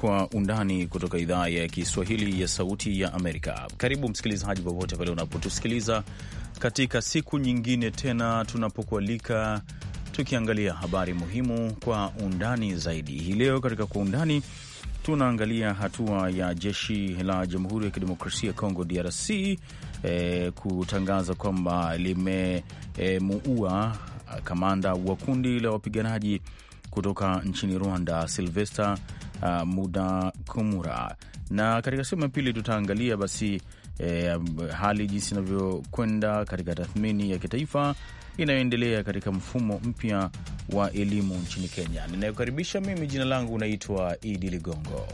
Kwa Undani kutoka idhaa ya Kiswahili ya Sauti ya Amerika. Karibu msikilizaji, popote pale unapotusikiliza katika siku nyingine tena tunapokualika tukiangalia habari muhimu kwa undani zaidi. Hii leo katika Kwa Undani tunaangalia hatua ya jeshi la Jamhuri ya Kidemokrasia ya Kongo, DRC, eh, kutangaza kwamba limemuua eh, kamanda wa kundi la wapiganaji kutoka nchini Rwanda Silvester uh, muda kumura. Na katika sehemu ya pili tutaangalia basi eh, hali jinsi inavyokwenda katika tathmini ya kitaifa inayoendelea katika mfumo mpya wa elimu nchini Kenya. Ninayokaribisha mimi, jina langu unaitwa Idi Ligongo.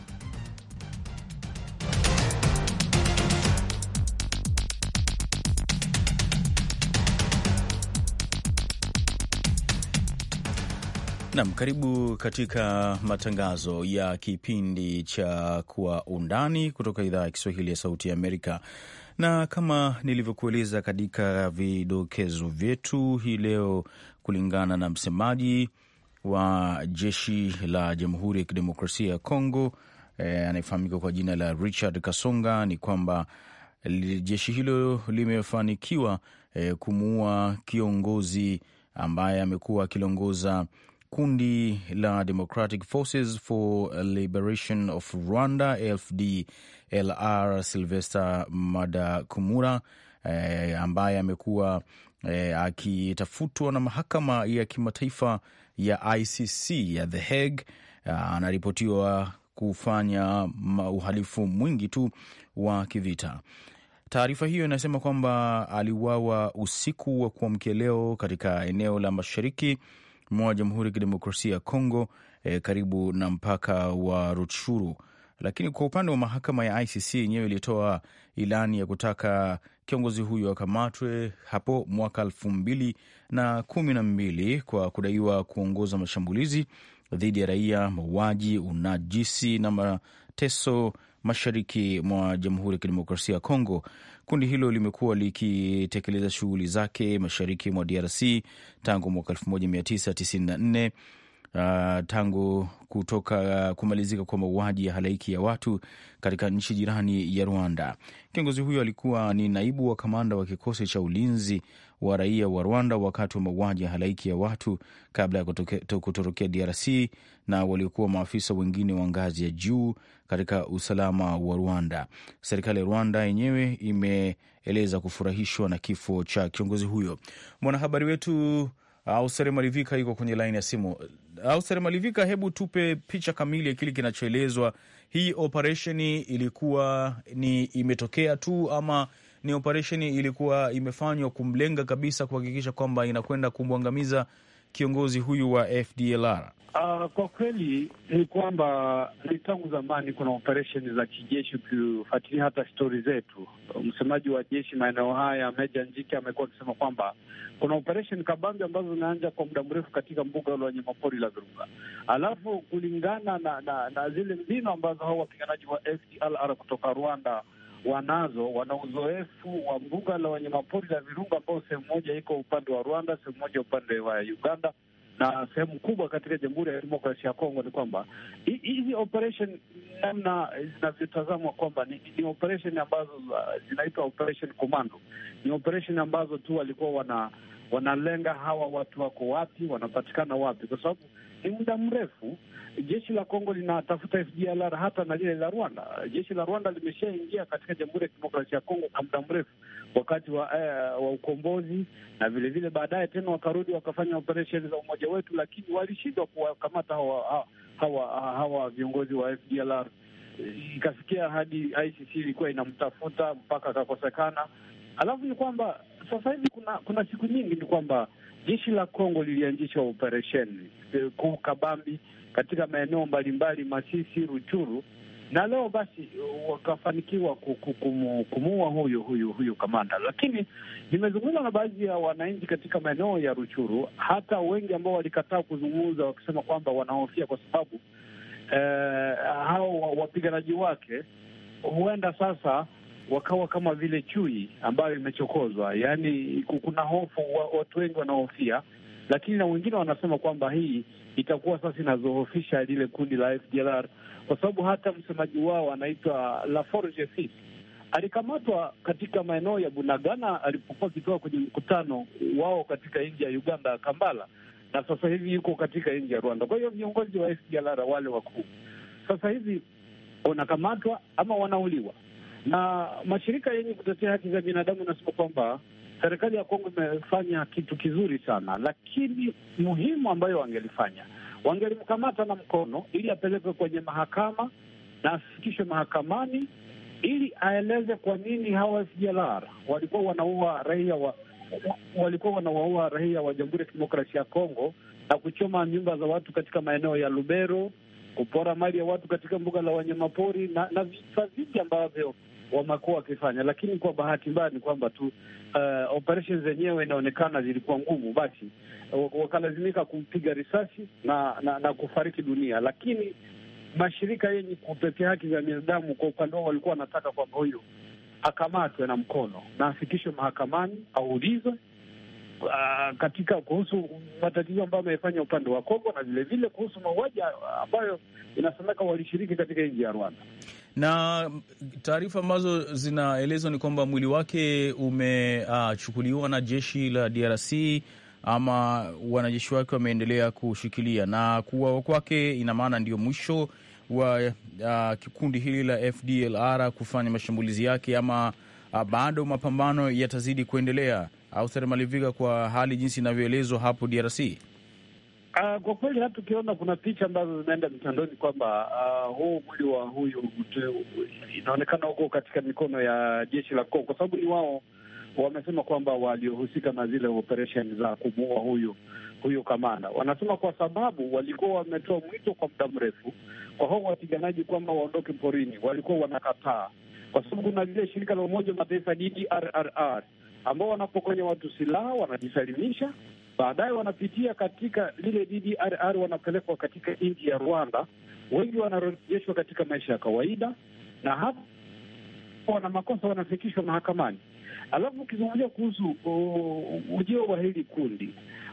Nam, karibu katika matangazo ya kipindi cha Kwa Undani kutoka idhaa ya Kiswahili ya Sauti ya Amerika. Na kama nilivyokueleza katika vidokezo vyetu hii leo, kulingana na msemaji wa jeshi la Jamhuri ya Kidemokrasia ya Kongo eh, anayefahamika kwa jina la Richard Kasonga, ni kwamba jeshi hilo limefanikiwa eh, kumuua kiongozi ambaye amekuwa akilongoza kundi la Democratic Forces for Liberation of Rwanda FDLR, Sylvester Madakumura eh, ambaye amekuwa eh, akitafutwa na mahakama ya kimataifa ya ICC ya The Hague eh, anaripotiwa ah, kufanya uhalifu mwingi tu wa kivita. Taarifa hiyo inasema kwamba aliuawa usiku wa kuamkia leo katika eneo la mashariki mwa Jamhuri ya Kidemokrasia ya Kongo e, karibu na mpaka wa Rutshuru. Lakini kwa upande wa mahakama ya ICC yenyewe ilitoa ilani ya kutaka kiongozi huyo akamatwe hapo mwaka elfu mbili na kumi na mbili kwa kudaiwa kuongoza mashambulizi dhidi ya raia, mauaji, unajisi na mateso mashariki mwa Jamhuri ya Kidemokrasia ya Kongo. Kundi hilo limekuwa likitekeleza shughuli zake mashariki mwa DRC tangu mwaka 1994 uh, tangu kutoka kumalizika kwa mauaji ya halaiki ya watu katika nchi jirani ya Rwanda. Kiongozi huyo alikuwa ni naibu wa kamanda wa kikosi cha ulinzi wa raia wa Rwanda wakati wa mauaji ya halaiki ya watu kabla ya kutorokea DRC, na waliokuwa maafisa wengine wa ngazi ya juu katika usalama wa Rwanda. Serikali ya Rwanda yenyewe imeeleza kufurahishwa na kifo cha kiongozi huyo. Mwanahabari wetu uh, Ausere Malivika iko kwenye laini ya simu. Uh, Ausere Malivika, hebu tupe picha kamili ya kile kinachoelezwa. Hii operesheni ilikuwa ni imetokea tu ama ni operesheni ilikuwa imefanywa kumlenga kabisa kuhakikisha kwamba inakwenda kumwangamiza kiongozi huyu wa FDLR? Uh, ah, kwa kweli ni kwamba ni tangu zamani kuna operesheni za kijeshi. Ukifuatilia hata stori zetu, msemaji wa jeshi maeneo haya Meja Njike amekuwa akisema kwamba kuna operesheni kabambi ambazo zinaanja kwa muda mrefu katika mbuga la wanyamapori la Virunga, alafu kulingana na, na, na zile mbinu ambazo hao wapiganaji wa FDLR kutoka Rwanda wanazo, wana uzoefu wa mbuga la wanyamapori la Virunga ambao sehemu moja iko upande wa Rwanda, sehemu moja upande wa Uganda na sehemu kubwa katika Jamhuri ya Demokrasia ya Kongo. Ni kwamba hizi operation namna zinavyotazamwa kwamba ni, ni operation ambazo zinaitwa operation commando, ni operation ambazo tu walikuwa wana wanalenga hawa watu wako wapi, wanapatikana wapi, kwa sababu ni muda mrefu. Jeshi la Kongo linatafuta FDLR hata na lile la Rwanda. Jeshi la Rwanda limeshaingia katika Jamhuri ya Kidemokrasia ya Kongo kwa muda mrefu, wakati wa uh, wa ukombozi na vilevile vile baadaye tena wakarudi wakafanya operesheni za umoja wetu, lakini walishindwa kuwakamata hawa, hawa, hawa viongozi wa FDLR. Ikafikia hadi ICC ilikuwa inamtafuta mpaka akakosekana. Alafu ni kwamba sasa hivi kuna kuna siku nyingi ni kwamba jeshi la Kongo lilianzisha operesheni eh, kuu kabambi katika maeneo mbalimbali, Masisi, Ruchuru, na leo basi uh, wakafanikiwa kumuua huyu huyu huyu kamanda. Lakini nimezungumza na baadhi ya wananchi katika maeneo ya Ruchuru, hata wengi ambao walikataa kuzungumza wakisema kwamba wanahofia kwa sababu eh, hao wapiganaji wake huenda sasa wakawa kama vile chui ambayo imechokozwa. Yaani kuna hofu, watu wengi wanahofia, lakini na wengine wanasema kwamba hii itakuwa sasa inazohofisha lile kundi la FDLR kwa sababu hata msemaji wao anaitwa Laforge Fils alikamatwa katika maeneo ya Bunagana alipokuwa akitoka kwenye mkutano wao katika nchi ya Uganda ya Kampala, na sasa hivi yuko katika nchi ya Rwanda. Kwa hiyo viongozi wa FDLR wale wakuu sasa hivi wanakamatwa ama wanauliwa na mashirika yenye kutetea haki za binadamu anasema kwamba serikali ya Kongo imefanya kitu kizuri sana, lakini muhimu ambayo wangelifanya wangelimkamata na mkono ili apelekwe kwenye mahakama na afikishwe mahakamani ili aeleze kwa nini hawa FDLR walikuwa wanaua raia wa walikuwa wanawaua raia wa Jamhuri ya Kidemokrasia ya Kongo na kuchoma nyumba za watu katika maeneo ya Lubero, kupora mali ya watu katika mbuga la wanyamapori na, na vifaa vingi ambavyo wamekuwa wakifanya, lakini kwa bahati mbaya ni kwamba tu uh, operesheni zenyewe inaonekana zilikuwa ngumu, basi uh, wakalazimika kumpiga risasi na, na, na kufariki dunia, lakini mashirika yenye kutetea haki za binadamu kwa upande wao walikuwa wanataka kwamba huyu akamatwe na mkono na afikishwe mahakamani aulizwe uh, katika kuhusu matatizo ambayo amefanya upande wa Kongo na vilevile kuhusu mauaji ambayo inasemeka walishiriki katika nchi ya Rwanda na taarifa ambazo zinaelezwa ni kwamba mwili wake umechukuliwa uh, na jeshi la DRC ama wanajeshi wake wameendelea kushikilia, na kuwawa kwake ina maana ndio mwisho wa uh, kikundi hili la FDLR kufanya mashambulizi yake ama uh, bado mapambano yatazidi kuendelea. Auster Malivika, kwa hali jinsi inavyoelezwa hapo DRC? Uh, ah, kwa kweli hata ukiona kuna picha ambazo zinaenda mitandoni kwamba uh, huu mwili wa huyu inaonekana huko katika mikono ya jeshi la Kongo, kwa sababu ni wao wamesema kwamba waliohusika na zile operehen za kumuua huyu huyu kamanda, wanasema kwa sababu walikuwa wametoa mwito kwa muda mrefu kwa hao wapiganaji kwamba waondoke porini, walikuwa wanakataa, kwa sababu kuna lile shirika la Umoja wa Mataifa DDRR ambao wanapokonya watu silaha, wanajisalimisha, baadaye wanapitia katika lile DDR, wanapelekwa katika nchi ya Rwanda. Wengi wanarejeshwa katika maisha ya kawaida, na hapo wana makosa wanafikishwa mahakamani. Alafu ukizungumzia kuhusu ujio wa hili kundi,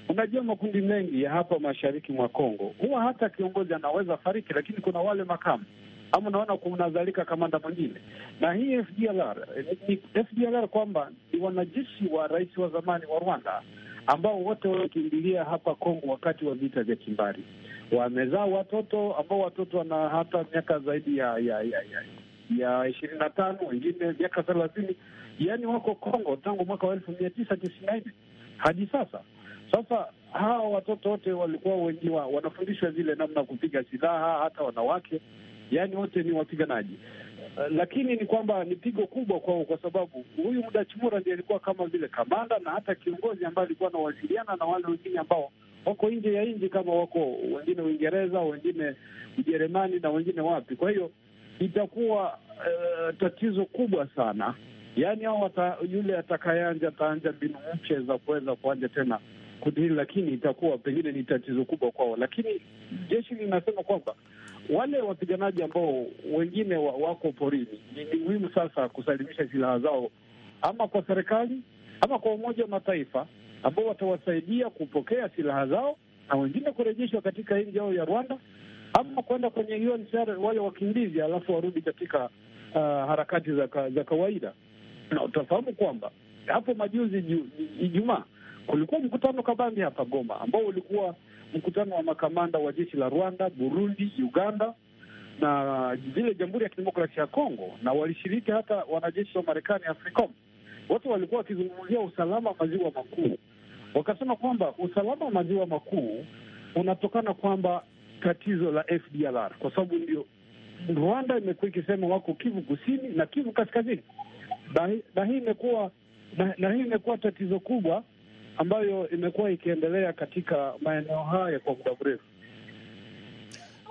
unajua makundi mengi ya hapa mashariki mwa Kongo huwa hata kiongozi anaweza fariki, lakini kuna wale makamu ama unaona kunazalika kamanda mwingine. Na hii FDLR eh, ni FDLR kwamba ni wanajeshi wa rais wa zamani wa Rwanda ambao wote walikimbilia hapa Kongo wakati wa vita vya kimbari, wamezaa watoto ambao watoto wana hata miaka zaidi ya ya ya ya ishirini na tano, wengine miaka thelathini, yaani wako Kongo tangu mwaka wa elfu mia tisa tisini na nne hadi sasa. Sasa hawa watoto wote walikuwa wengi wao wanafundishwa zile namna kupiga silaha, hata wanawake yaani wote ni wapiganaji. Uh, lakini ni kwamba ni pigo kubwa kwao, kwa sababu huyu Mudachimura ndiye alikuwa kama vile kamanda na hata kiongozi ambaye alikuwa anawasiliana na wale wengine ambao wako nje ya nchi, kama wako wengine Uingereza, wengine Ujerumani na wengine wapi. Kwa hiyo itakuwa uh, tatizo kubwa sana, yaani hao yule atakayeanja ataanja mbinu mche za kuweza kuanja tena kundi hili, lakini itakuwa pengine ni tatizo kubwa kwao. Lakini jeshi linasema kwamba wale wapiganaji ambao wengine wa, wako porini, ni muhimu sasa kusalimisha silaha zao ama kwa serikali ama kwa Umoja wa Mataifa ambao watawasaidia kupokea silaha zao na wengine kurejeshwa katika nchi yao ya Rwanda ama kwenda kwenye UNHCR wale wakimbizi, alafu warudi katika uh, harakati za, ka, za kawaida. Na utafahamu kwamba hapo majuzi Ijumaa ju, kulikuwa mkutano kabambi hapa Goma ambao ulikuwa mkutano wa makamanda wa jeshi la Rwanda, Burundi, Uganda na vile Jamhuri ya Kidemokrasia ya Kongo, na walishiriki hata wanajeshi wa Marekani, AFRICOM. Wote walikuwa wakizungumzia usalama maziwa makuu, wakasema kwamba usalama wa maziwa makuu unatokana kwamba tatizo la FDLR kwa sababu ndio Rwanda imekuwa ikisema wako Kivu kusini na Kivu kaskazini, na hii imekuwa na hii imekuwa tatizo kubwa ambayo imekuwa ikiendelea katika maeneo haya kwa muda mrefu.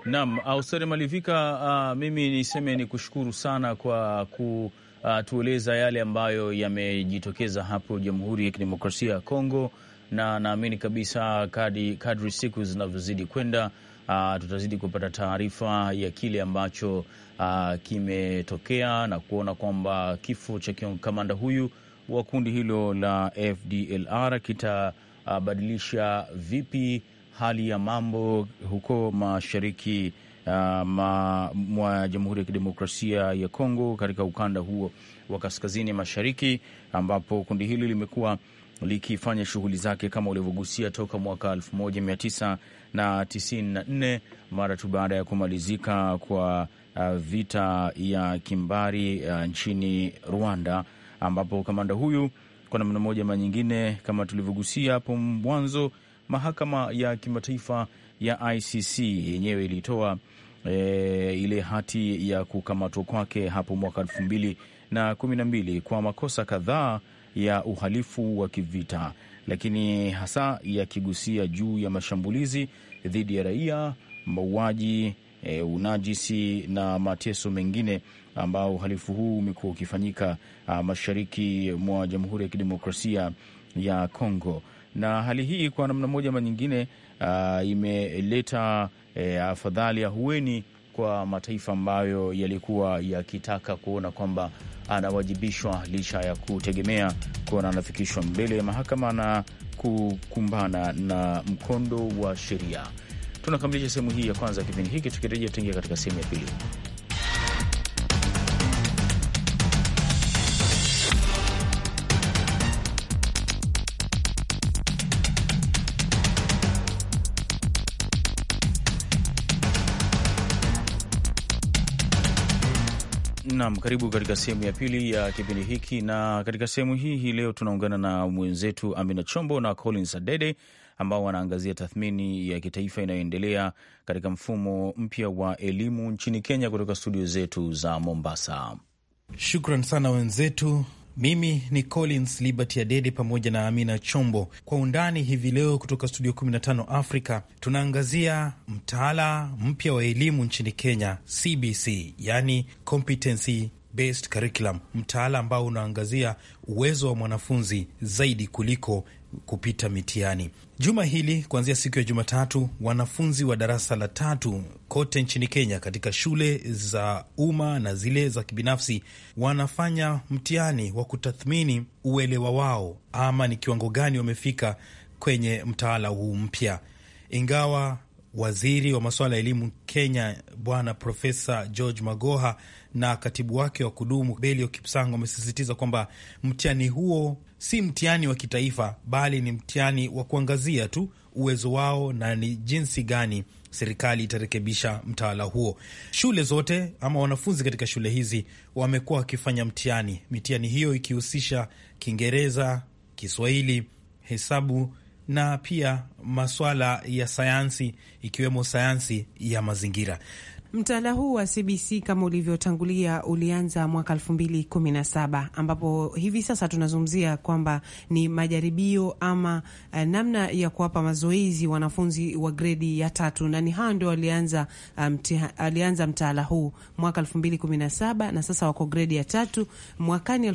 Naam, uh, Austere Malivika, uh, mimi niseme ni kushukuru sana kwa kutueleza yale ambayo yamejitokeza hapo Jamhuri ya Kidemokrasia ya Kongo, na naamini kabisa kadri, kadri siku zinavyozidi kwenda Uh, tutazidi kupata taarifa ya kile ambacho uh, kimetokea na kuona kwamba kifo cha kamanda huyu wa kundi hilo la FDLR kitabadilisha vipi hali ya mambo huko mashariki uh, ma, mwa Jamhuri ya Kidemokrasia ya Kongo katika ukanda huo wa kaskazini mashariki, ambapo kundi hili limekuwa likifanya shughuli zake kama ulivyogusia toka mwaka 1994 mara tu baada ya kumalizika kwa uh, vita ya kimbari uh, nchini Rwanda ambapo kamanda huyu kwa namna moja ama nyingine, kama tulivyogusia hapo mwanzo, mahakama ya kimataifa ya ICC yenyewe ilitoa e, ile hati ya kukamatwa kwake hapo mwaka elfu mbili na kumi na mbili kwa makosa kadhaa ya uhalifu wa kivita, lakini hasa yakigusia juu ya mashambulizi dhidi ya raia, mauaji e, unajisi na mateso mengine ambao uhalifu huu umekuwa ukifanyika mashariki mwa Jamhuri ya Kidemokrasia ya Kongo na hali hii kwa namna moja ama nyingine imeleta e, afadhali ahueni kwa mataifa ambayo yalikuwa yakitaka kuona kwamba anawajibishwa licha ya kutegemea kuona anafikishwa mbele ya mahakama na kukumbana na mkondo wa sheria tunakamilisha sehemu hii ya kwanza ya kipindi hiki. Tukirejea tuingia katika sehemu ya pili. Nam, karibu katika sehemu ya pili ya kipindi hiki, na katika sehemu hii hii leo tunaungana na mwenzetu Amina Chombo na Collins Adede ambao wanaangazia tathmini ya kitaifa inayoendelea katika mfumo mpya wa elimu nchini Kenya, kutoka studio zetu za Mombasa. Shukran sana wenzetu. Mimi ni Collins Liberty Adede pamoja na Amina Chombo. Kwa undani hivi leo kutoka studio 15 Africa tunaangazia mtaala mpya wa elimu nchini Kenya, CBC yani competency based curriculum, mtaala ambao unaangazia uwezo wa mwanafunzi zaidi kuliko kupita mitihani juma hili. Kuanzia siku ya Jumatatu, wanafunzi wa darasa la tatu kote nchini Kenya, katika shule za umma na zile za kibinafsi, wanafanya mtihani wa kutathmini uelewa wao, ama ni kiwango gani wamefika kwenye mtaala huu mpya, ingawa waziri wa masuala ya elimu Kenya Bwana Profesa George Magoha na katibu wake wa kudumu Belio Kipsang wamesisitiza kwamba mtihani huo si mtihani wa kitaifa, bali ni mtihani wa kuangazia tu uwezo wao na ni jinsi gani serikali itarekebisha mtaala huo. Shule zote ama wanafunzi katika shule hizi wamekuwa wakifanya mtihani, mitihani hiyo ikihusisha Kiingereza, Kiswahili, hesabu na pia maswala ya sayansi ikiwemo sayansi ya mazingira. Mtaala huu wa CBC kama ulivyotangulia ulianza mwaka saba ambapo hivi sasa tunazungumzia kwamba ni majaribio ama uh, namna ya kuwapa mazoezi wanafunzi wa gredi ya tatu, na ni hao ndio walianza eh, alianza um, mtaala huu mwaka kumi na sasa wako gredi ya tatu. Mwakani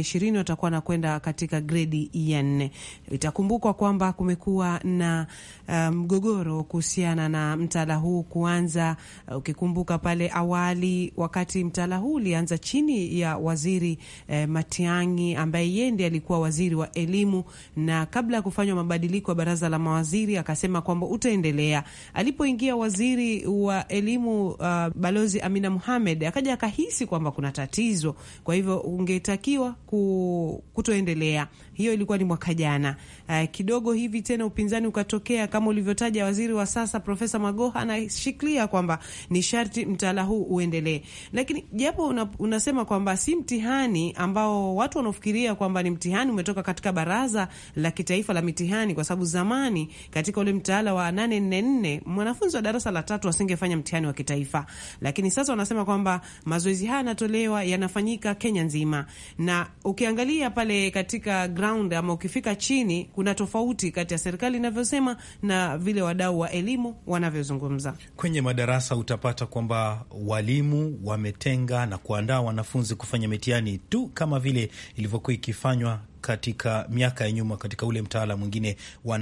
ishirini watakuwa na kwenda katika gredi ya nne. Itakumbukwa kwamba kumekuwa na eh, mgogoro um, kuhusiana na mtaala huu kuanza uh, Ukikumbuka pale awali wakati mtaala huu ulianza chini ya waziri eh, Matiang'i ambaye yeye ndiye alikuwa waziri wa elimu, na kabla ya kufanywa mabadiliko ya baraza la mawaziri akasema kwamba utaendelea. Alipoingia waziri wa elimu uh, Balozi Amina Mohamed akaja akahisi kwamba kuna tatizo, kwa hivyo ungetakiwa ku, kutoendelea. Hiyo ilikuwa ni mwaka jana. Uh, kidogo hivi tena upinzani ukatokea, kama ulivyotaja waziri wa sasa Profesa Magoha anashikilia kwamba ni sharti mtaala huu uendelee. Lakini japo una, unasema kwamba si mtihani ambao watu wanaofikiria kwamba ni mtihani umetoka katika baraza la kitaifa la mitihani, kwa sababu zamani katika ule mtaala wa 844 mwanafunzi wa darasa la tatu asingefanya mtihani wa kitaifa, lakini sasa wanasema kwamba mazoezi haya yanatolewa, yanafanyika Kenya nzima, na ukiangalia pale katika ground ama ukifika chini, kuna tofauti kati ya serikali inavyosema na vile wadau wa elimu wanavyozungumza kwenye madarasa utapata kupata kwamba walimu wametenga na kuandaa wanafunzi kufanya mitihani tu kama vile ilivyokuwa ikifanywa katika miaka ya nyuma katika ule mtaala mwingine wa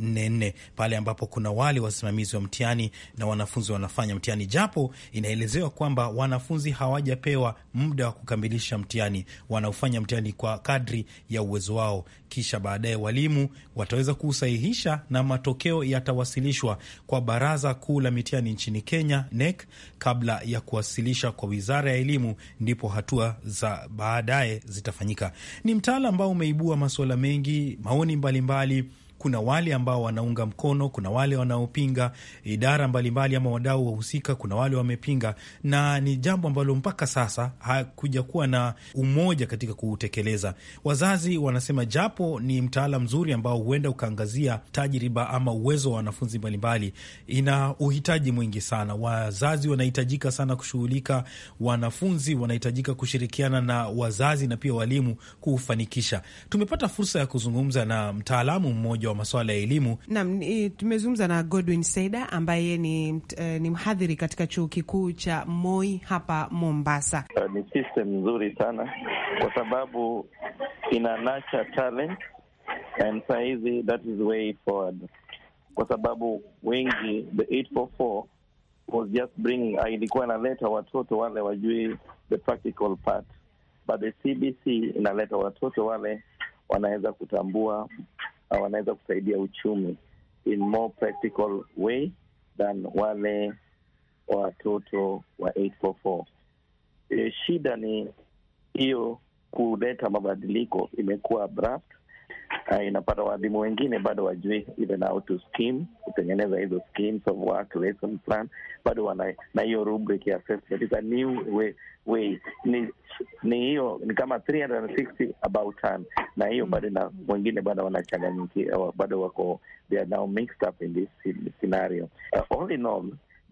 nne pale ambapo kuna wale wasimamizi wa mtihani na wanafunzi wanafanya mtihani, japo inaelezewa kwamba wanafunzi hawajapewa muda wa kukamilisha mtihani, wanaofanya mtihani kwa kadri ya uwezo wao, kisha baadaye walimu wataweza kuusahihisha na matokeo yatawasilishwa kwa Baraza Kuu la Mitihani nchini Kenya, NEC, kabla ya kuwasilisha kwa Wizara ya Elimu, ndipo hatua za baadaye zitafanyika. Ni mtaala ambao yameibua masuala mengi, maoni mbalimbali mbali, kuna wale ambao wanaunga mkono, kuna wale wanaopinga, idara mbalimbali ama wadau wahusika, kuna wale wamepinga, na ni jambo ambalo mpaka sasa hakuja kuwa na umoja katika kuutekeleza. Wazazi wanasema japo ni mtaala mzuri ambao huenda ukaangazia tajriba ama uwezo wa wanafunzi mbalimbali, ina uhitaji mwingi sana. Wazazi wanahitajika sana kushughulika, wanafunzi wanahitajika kushirikiana na wazazi na pia walimu kuufanikisha. Tumepata fursa ya kuzungumza na mtaalamu mmoja wa masuala ya elimu. Naam, tumezungumza na Godwin Seda ambaye ni, eh, ni mhadhiri katika chuo kikuu cha Moi hapa Mombasa. Uh, ni system nzuri sana kwa sababu ina nurture talent and sahizi that is way forward kwa sababu wengi the 844 was just bringing ah, ilikuwa inaleta watoto wale wajui the practical part but the CBC inaleta watoto wale wanaweza kutambua na uh, wanaweza kusaidia uchumi in more practical way than wale watoto wa 844. E, eh, shida ni hiyo kuleta mabadiliko imekuwa abrupt uh, inapata waalimu wengine bado wajui even how to scheme kutengeneza hizo schemes of work lesson plan, bado wana na hiyo rubric ya assessment is a new way, way. Ni ni hiyo ni kama 360 about time, na hiyo bado na wengine bado wanachanganyikia, bado wako they are now mixed up in this scenario uh, all in all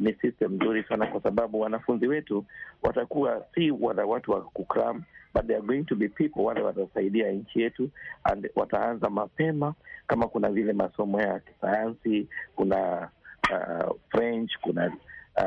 ni system nzuri sana, kwa sababu wanafunzi wetu watakuwa si wana watu wa kukram, but they are going to be people wale watasaidia nchi yetu, and wataanza mapema kama kuna vile masomo ya kisayansi, kuna uh, French, kuna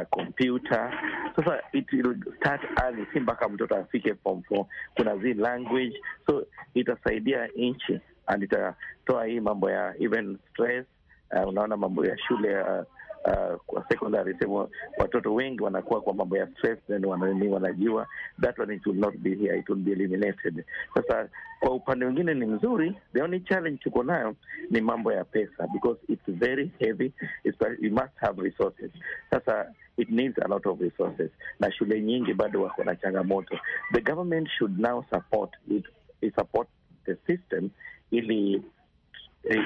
kompyuta uh, sasa it will start early, si mpaka mtoto afike form four. Kuna zi language, so itasaidia nchi and itatoa hii mambo ya even stress. Uh, unaona mambo ya shule ya uh, uh, kwa secondary sema watoto wengi wanakuwa kwa mambo ya stress and wanani wanajua that one it will not be here it will be eliminated. Sasa kwa upande mwingine ni mzuri, the only challenge tuko nayo ni mambo ya pesa because it's very heavy it's, you must have resources. Sasa it needs a lot of resources, na shule nyingi bado wako na changamoto. The government should now support it, it support the system ili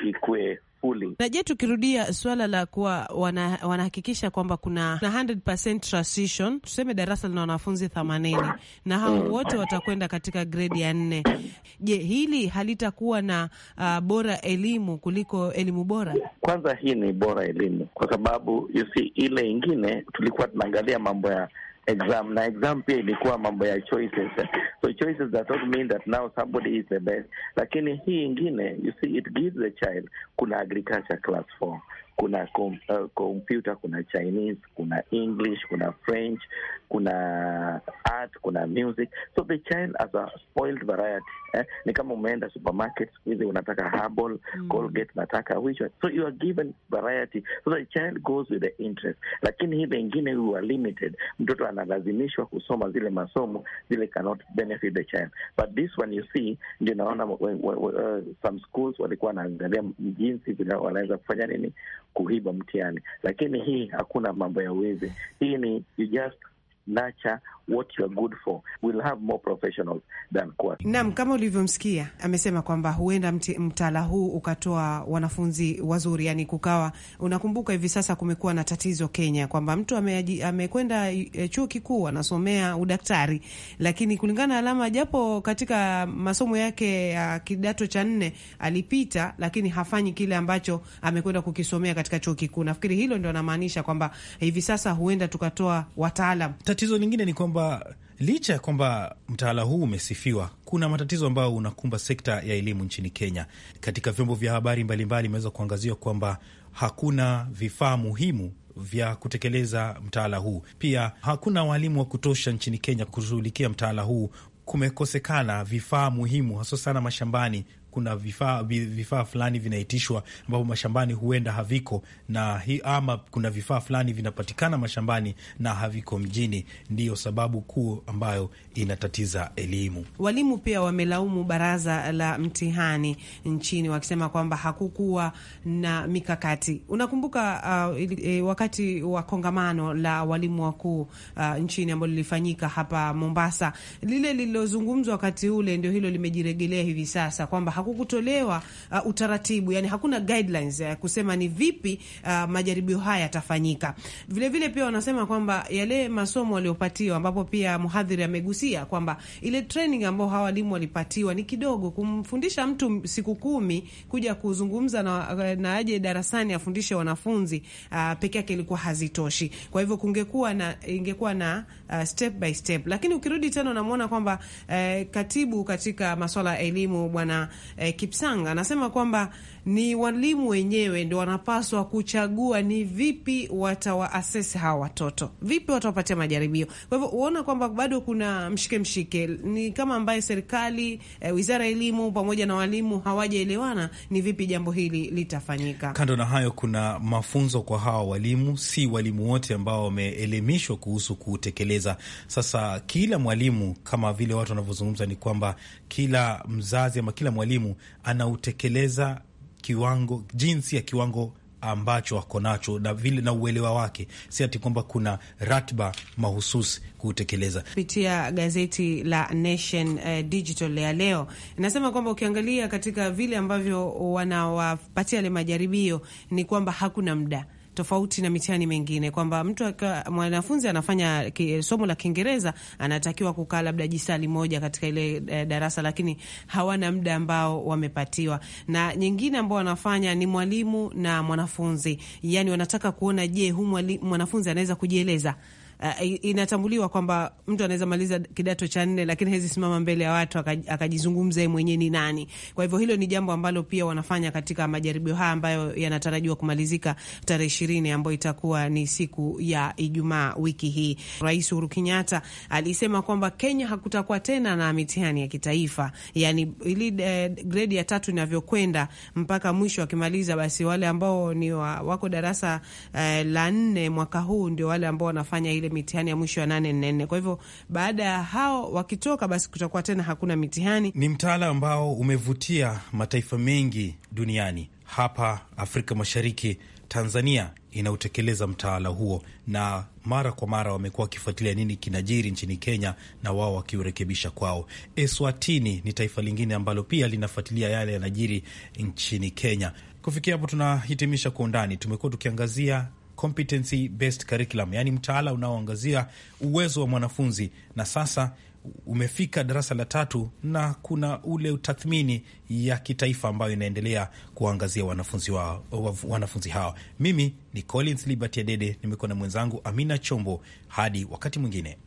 ikue fully. Na je, tukirudia suala la kuwa wana, wanahakikisha kwamba kuna 100% transition, tuseme darasa lina wanafunzi 80 na hao mm. wote watakwenda katika gredi ya nne. Je, hili halitakuwa na uh, bora elimu kuliko elimu bora? Kwanza hii ni bora elimu, kwa sababu you see, ile ingine tulikuwa tunaangalia mambo ya exam na exam pia ilikuwa mambo ya choices. So choices does not mean that now somebody is the best, lakini hii ingine you see it gives the child, kuna agriculture class 4 kuna kom, uh, computer kuna Chinese kuna English kuna French kuna art, kuna music. So the shine as a spoiled variety eh? Ni kama umeenda supermarket siku hizi unataka herbal, mm. Colgate nataka which one? So you are given variety so the child goes with the interest, lakini hii vengine you are limited. Mtoto analazimishwa kusoma zile masomo zile cannot benefit the child, but this one you see, ndio naona uh, some schools walikuwa wanaangalia jinsi vile wanaweza kufanya nini kuhiba mtihani, lakini hii hakuna mambo ya uwezi. Hii ni you just nurture what you are good for we'll have more professionals than quotas. Naam, kama ulivyomsikia amesema kwamba huenda mtaala huu ukatoa wanafunzi wazuri, yani kukawa, unakumbuka hivi sasa kumekuwa na tatizo Kenya kwamba mtu amekwenda ame eh, chuo kikuu anasomea udaktari, lakini kulingana na alama, japo katika masomo yake ya kidato cha nne alipita, lakini hafanyi kile ambacho amekwenda kukisomea katika chuo kikuu. Nafikiri hilo ndo anamaanisha kwamba hivi sasa huenda tukatoa wataalam tatizo lingine ni kwamba licha ya kwamba mtaala huu umesifiwa, kuna matatizo ambayo unakumba sekta ya elimu nchini Kenya. Katika vyombo vya habari mbalimbali imeweza kuangaziwa kwamba hakuna vifaa muhimu vya kutekeleza mtaala huu. Pia hakuna walimu wa kutosha nchini Kenya kushughulikia mtaala huu. Kumekosekana vifaa muhimu haswa sana mashambani kuna vifaa vifaa fulani vinaitishwa ambapo mashambani huenda haviko na hi, ama kuna vifaa fulani vinapatikana mashambani na haviko mjini. Ndiyo sababu kuu ambayo inatatiza elimu. Walimu pia wamelaumu baraza la mtihani nchini wakisema kwamba hakukuwa na mikakati. Unakumbuka uh, e, wakati wa kongamano la walimu wakuu uh, nchini ambalo lilifanyika hapa Mombasa, lile lililozungumzwa wakati ule ndio hilo limejiregelea hivi sasa kwamba hakukutolewa uh, utaratibu, yani hakuna guidelines ya kusema ni vipi uh, majaribio haya yatafanyika. Vilevile pia wanasema kwamba yale masomo waliopatiwa, ambapo pia mhadhiri amegusia kwamba ile training ambao hawa walimu walipatiwa ni kidogo. Kumfundisha mtu siku kumi kuja kuzungumza na, uh, na aje darasani afundishe wanafunzi uh, peke yake ilikuwa hazitoshi. Kwa hivyo kungekuwa na ingekuwa na uh, step by step, lakini ukirudi tena unamwona kwamba uh, katibu katika masuala ya elimu bwana eh, Kipsang anasema kwamba ni walimu wenyewe ndio wanapaswa kuchagua ni vipi watawaasesi hawa watoto, vipi watawapatia majaribio. Kwa hivyo uona kwamba bado kuna mshike mshike, ni kama ambaye serikali e, wizara ya elimu pamoja na walimu hawajaelewana ni vipi jambo hili litafanyika. Kando na hayo, kuna mafunzo kwa hawa walimu, si walimu wote ambao wameelimishwa kuhusu kutekeleza. Sasa kila mwalimu kama vile watu wanavyozungumza ni kwamba kila mzazi ama kila mwalimu anautekeleza kiwango, jinsi ya kiwango ambacho wako nacho na vile na uelewa wake, si ati kwamba kuna ratiba mahususi kutekeleza. Kupitia gazeti la Nation eh, Digital ya leo inasema kwamba ukiangalia katika vile ambavyo wanawapatia yale majaribio ni kwamba hakuna muda tofauti na mitihani mingine, kwamba mtu mwanafunzi anafanya somo la Kiingereza anatakiwa kukaa labda jisali moja katika ile e, darasa, lakini hawana muda ambao wamepatiwa. Na nyingine ambao wanafanya ni mwalimu na mwanafunzi, yani wanataka kuona, je, huu mwanafunzi anaweza kujieleza uh, inatambuliwa kwamba mtu anaweza maliza kidato cha nne lakini hawezi simama mbele ya watu akajizungumza yeye mwenyewe ni nani. Kwa hivyo hilo ni jambo ambalo pia wanafanya katika majaribio haya ambayo yanatarajiwa kumalizika tarehe ishirini ambayo itakuwa ni siku ya Ijumaa wiki hii. Rais Uhuru Kenyatta alisema kwamba Kenya hakutakuwa tena na mitihani ya kitaifa, yani ili eh, gredi ya tatu inavyokwenda mpaka mwisho akimaliza, basi wale ambao ni wa, wako darasa eh, la nne mwaka huu ndio wale ambao wanafanya ile ile mitihani ya mwisho ya nane nne nne. Kwa hivyo baada ya hao wakitoka, basi kutakuwa tena hakuna mitihani. Ni mtaala ambao umevutia mataifa mengi duniani. Hapa Afrika Mashariki, Tanzania inautekeleza mtaala huo, na mara kwa mara wamekuwa wakifuatilia nini kinajiri nchini Kenya na wao wakiurekebisha kwao. Eswatini ni taifa lingine ambalo pia linafuatilia yale yanajiri nchini Kenya. Kufikia hapo tunahitimisha Kwa Undani. Tumekuwa tukiangazia competency based curriculum, yaani mtaala unaoangazia uwezo wa mwanafunzi, na sasa umefika darasa la tatu na kuna ule tathmini ya kitaifa ambayo inaendelea kuwaangazia wanafunzi, wa, wanafunzi hawa. Mimi ni Collins Liberty Adede, nimekuwa na mwenzangu Amina Chombo. Hadi wakati mwingine.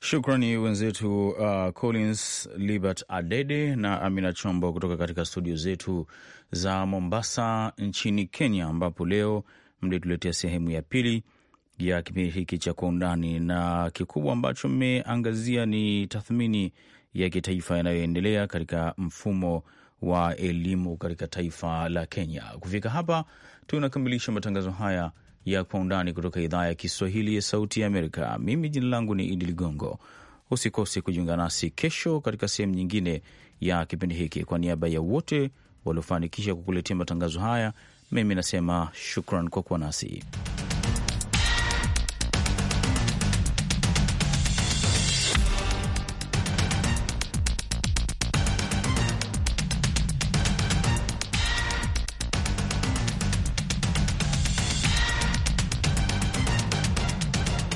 Shukrani wenzetu uh, Collins Libert Adede na Amina Chombo kutoka katika studio zetu za Mombasa nchini Kenya, ambapo leo mlituletea sehemu ya pili ya kipindi hiki cha Kwa Undani, na kikubwa ambacho mmeangazia ni tathmini ya kitaifa yanayoendelea katika mfumo wa elimu katika taifa la Kenya. Kufika hapa, tunakamilisha matangazo haya ya Kwa Undani kutoka idhaa ya Kiswahili ya Sauti ya Amerika. Mimi jina langu ni Idi Ligongo. Usikose kujiunga nasi kesho katika sehemu nyingine ya kipindi hiki. Kwa niaba ya wote waliofanikisha kukuletea matangazo haya, mimi nasema shukran kwa kuwa nasi.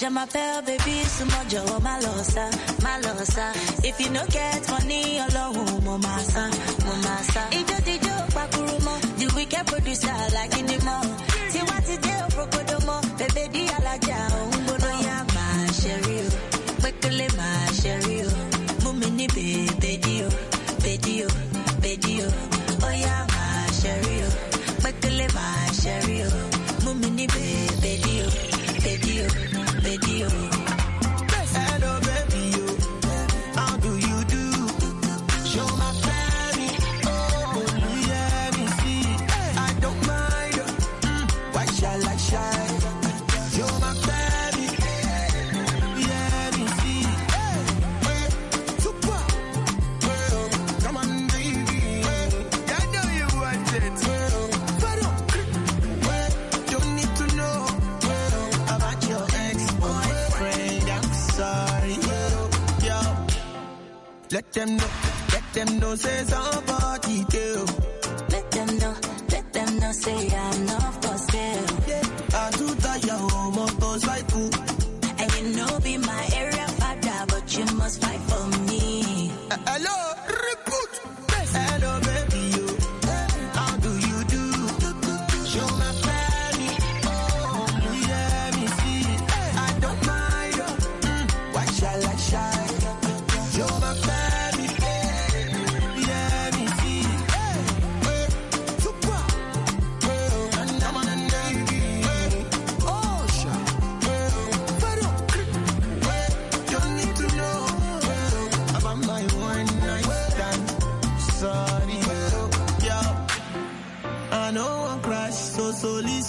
Je m'appelle baby, Sumojo, Malosa, Malosa. If you no get money, alone, Momasa, Momasa. Ijo, Ijo, Pakurumo, the wicked producer, like any more. See what you do, Prokodomo, baby, Alaja, oh. them know, let them know, say something.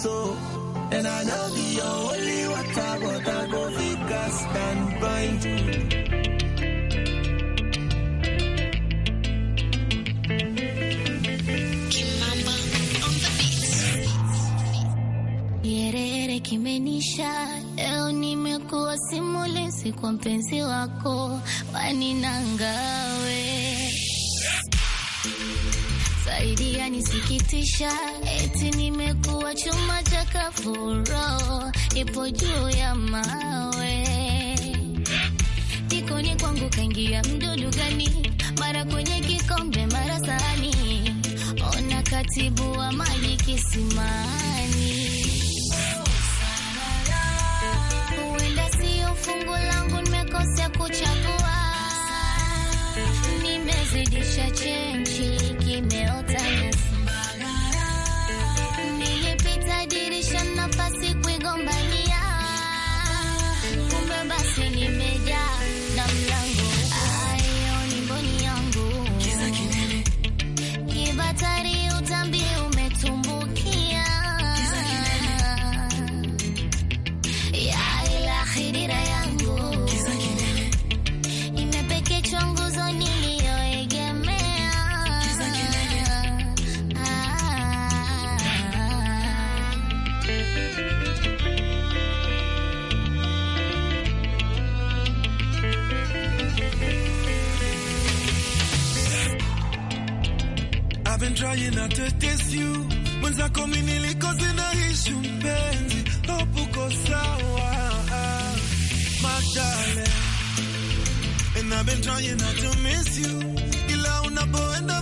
so. And I know the only water, but I go figure stand by. Kiherehere kimenisha, leo nimekuwa simulizi kwa mpenzi wako, waninangawe saidia nisikitisha, eti nimekuwa chuma cha kafuro, ipo juu ya mawe, jikoni kwangu kaingia mdudu gani? Mara kwenye kikombe, mara sahani, ona katibu wa maji kisimani, huenda ambaye natetesi mwenza komi niliko zinaishi mpenzi opuko sawa madale and I've been trying not to miss you ila unapoenda